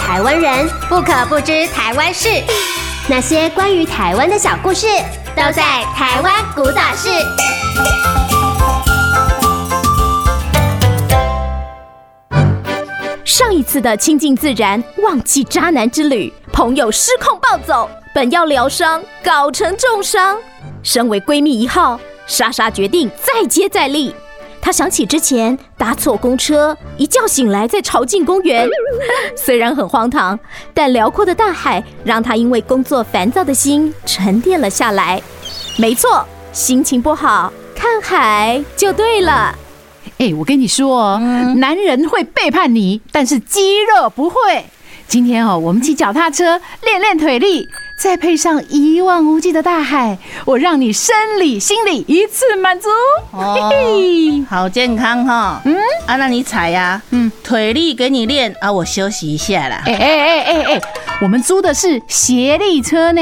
台灣人不可不知台灣事，那些關於台灣的小故事都在《台灣古早事》。上一次的清靜自然、忘記渣男之旅，朋友失控暴走，本要療傷，搞成重傷。身為閨蜜一號，莎莎決定再接再厲。他想起之前搭錯公車，一覺醒來在潮境公園。雖然很荒唐，但遼闊的大海讓他因為工作煩躁的心沉澱了下來。沒錯，心情不好看海就對了。哎、欸，我跟你說、嗯，男人會背叛你，但是肌肉不會。今天哦，我們騎腳踏車練練腿力，再配上一望無際的大海，我讓你生理心理一次滿足。嘿嘿，哦、好健康哈、哦。嗯，啊，那你踩呀、啊，嗯，腿力給你練，啊，我休息一下啦。哎哎哎哎哎，我們租的是協力車呢？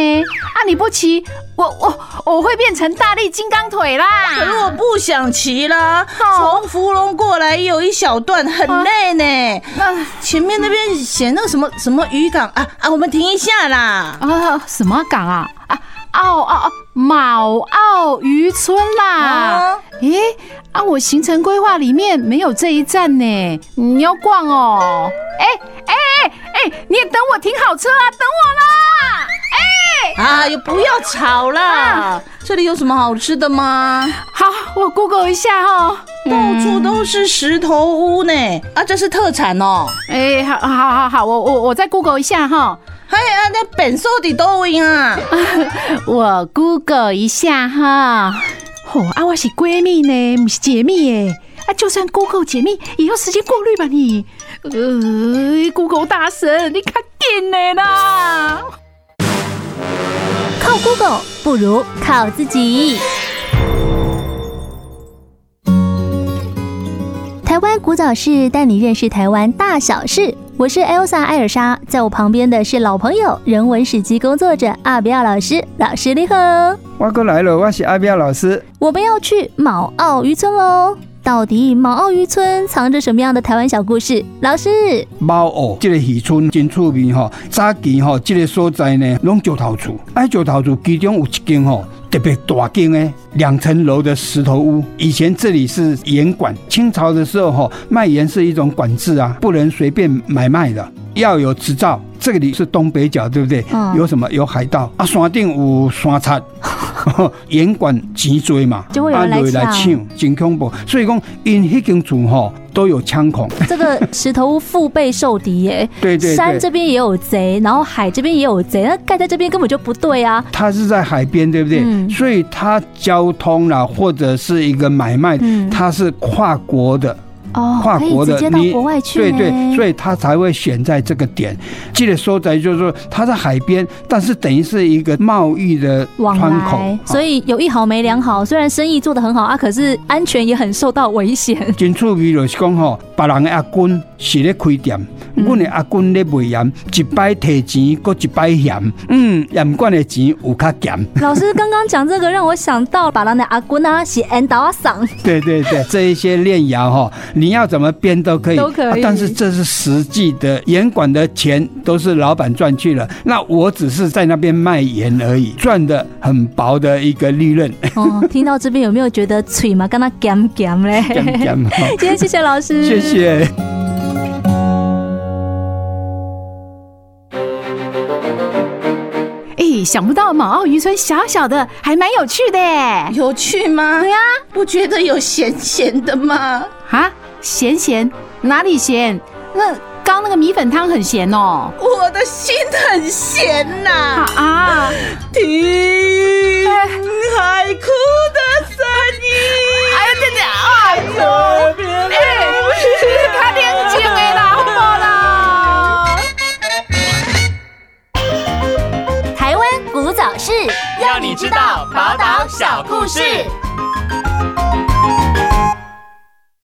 那、啊、你不騎，我我我會變成大力金剛腿啦！可是我不想騎啦，從福隆過來有一小段很累呢。那、啊、前面那邊寫那個什麼什麼漁港啊、嗯嗯、啊，我們停一下啦。啊，什麼港啊？啊，澳澳澳卯澳漁村啦。咦，啊，欸、啊我行程規劃裡面沒有這一站呢。你要逛哦、喔？哎哎哎哎，你也等我停好車啊，等我啦。啊，呦，不要吵啦、啊。這裡有什麼好吃的嗎？好，我 Google 一下哈。到處都是石頭屋呢、嗯，啊，這是特產哦、喔。誒、欸，好，好，好，好，我，我，我再 Google 一下哈。還有那本色的抖音啊，我 Google 一下哈。哦，啊，我是閨蜜呢，不是解密耶。啊，就算 Google 解密，也要時間過濾吧你。呃，Google 大神，你較緊的啦。靠 Google 不如靠自己。台灣古早事帶你認識台灣大小事，我是 ELSA 艾爾莎，在我旁邊的是老朋友人文史跡工作者阿比亞老師，老師你好。我哥來了，我是阿比亞老師。我們要去卯澳漁村嘍。到底卯澳漁村藏着什麼樣的台灣小故事？老師，卯澳這個漁村真出名哈。早期哈這個所在呢，弄石頭厝，愛石頭厝，其中有一間哈特別大間的兩層樓的石頭屋。以前這裡是鹽館，清朝的時候哈賣鹽是一種管制啊，不能隨便買賣的。要有執照，這裡是東北角，對不對？嗯、有什麼？有海盜啊，山頂有山賊，嚴 管脊椎嘛，就會有人來搶，啊，真恐怖。所以講，因黑警組吼，都有槍孔。 這個石頭腹背受敵耶。 對，對，對對，山這邊也有賊，然後海這邊也有賊，那蓋在這邊根本就不對啊。它是在海邊，對不對？嗯、所以它交通啦，或者是一個買賣，它是跨國的。嗯嗯跨國的，到國外去，對對，所以他才會選在這個點。記得說在，就是說他在海邊，但是等於是一個貿易的窗口所、啊嗯啊。所以有一好沒兩好，雖然生意做得很好啊，可是安全也很受到危險。真趣比如是講別人的阿軍是咧開店，我的阿軍咧賣鹽，一擺提錢，擱一擺鹽，嗯，鹽罐的錢有較鹹。老師剛剛講這個，讓我想到把郎 的阿軍啊是，是安島阿桑。對對對，這一些煉牙吼，你。你要怎麼編都可以，都可以啊，但是這是實際的鹽館的錢都是老闆賺去了，那我只是在那邊賣鹽而已，賺的很薄的一個利潤。哦，聽到這邊有沒有覺得脆嘛跟他鹹鹹嘞？鹹鹹。今天謝謝老師，謝謝。哎，想不到卯澳漁村小小的還蠻有趣的，有趣嗎？嗯，不覺得有鹹鹹的嗎？啊？鹹鹹？哪裡鹹？那剛那個米粉湯很鹹哦，喔。我的心很鹹吶。啊啊！聽海哭的聲音。哎呀，姐姐，哎呦！哎，這是較冷靜的人啦。台灣古早事，讓你知道寶島小故事。